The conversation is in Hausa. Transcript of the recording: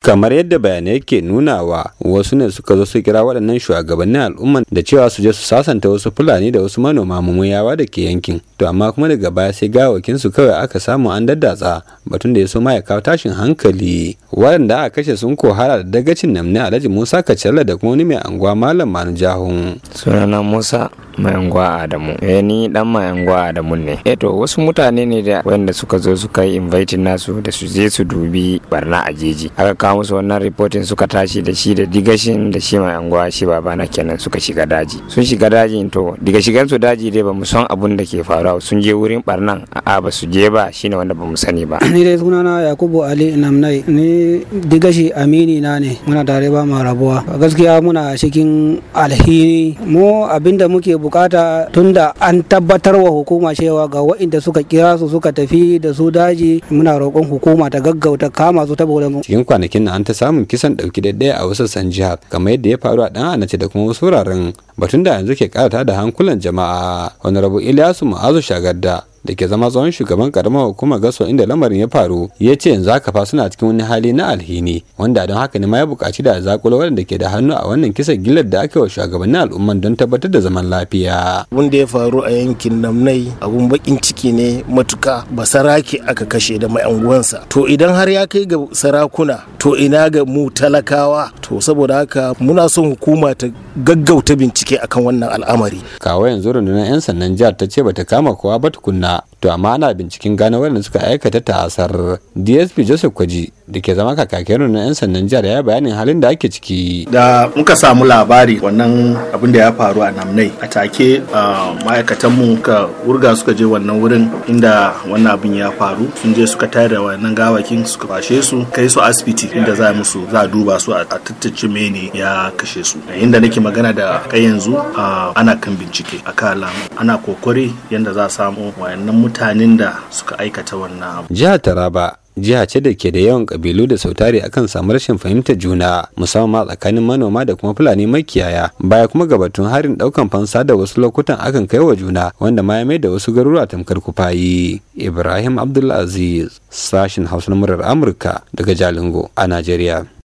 kamar yadda bayanai ke nunawa wasu ne suka zo su kira waɗannan shugabannin al'umman da cewa su je su sasanta wasu fulani da wasu manoma mumuyawa da ke yankin to amma kuma daga baya sai gawakin su kawai aka samu an daddatsa batun da ya so ma ya kawo tashin hankali waɗanda aka kashe sun kohara da dagacin namni alhaji musa kacella da kuma wani mai anguwa malam manu jahun sunana musa mayangwa adamu eh ni dan mayangwa adamu ne eh to wasu mutane ne da wanda suka zo suka yi inviting nasu da su je su dubi barna a jeji aka kawo musu wannan reporting suka tashi da shi da digashin da shi mayangwa shi na kenan suka shiga daji sun shiga dajin to daga shigan su daji dai bamu san abun da ke faruwa sun je wurin barnan a ba su je ba shine wanda bamu sani ba ni dai sunana yakubu ali namnai ni digashi amini na ne muna tare ba mu rabuwa gaskiya muna cikin alhini mu abinda muke bukata tunda an tabbatar wa hukuma cewa ga wa'inda suka kira su suka tafi da su daji muna roƙon hukuma ta gaggauta kama su saboda mu cikin kwanakin nan an ta samun kisan ɗauki daidai a wasu san jihar kamar yadda ya faru a ɗan anace da kuma wasu wuraren batun da yanzu ke karata da hankulan jama'a wani rabu ilyasu mu'azu shagarda da ke zama tsawon shugaban karamar hukumar gaso inda lamarin ya faru ya ce yanzu haka fa suna cikin wani hali na alhini wanda don haka ne ma ya bukaci da zakulo wanda ke da hannu a wannan kisa gillar da aka yi wa shugabannin al'umman don tabbatar da zaman lafiya. abun da ya faru a yankin namnai abun bakin ciki ne matuka ba saraki aka kashe da mai anguwansa to idan har ya kai ga sarakuna to ina ga mu talakawa to saboda haka muna son hukuma ta gaggauta bincike akan wannan al'amari. kawo yanzu rundunar 'yan sannan jihar ta ce bata kama kowa ba tukunna な to amma ana binciken gano wanda suka aikata ta'asar dsp joseph kwaji da ke zama kakakin na 'yan sandan jihar ya bayanin halin da ake ciki da muka samu labari wannan abin da ya faru a namnai a take ma'aikatan mu ka wurga suka je wannan wurin inda wannan abin ya faru sun je suka tayar da wannan gawakin suka kwashe su kai su asibiti inda za musu za duba su a tattace mene ya kashe su inda nake magana da kai yanzu ana kan bincike a alamu ana kokari yadda za a samu wayannan mutanen da suka aikata wannan abu. Jihar Taraba jiha ce da ke da yawan kabilu da sautari akan samu rashin fahimtar juna musamman tsakanin manoma da kuma fulani makiyaya baya kuma gabatun harin daukan fansa da wasu lokutan akan kai wa juna wanda ma ya mai da wasu garuruwa tamkar kufayi ibrahim abdulaziz sashin hausa na murar amurka daga jalingo a najeriya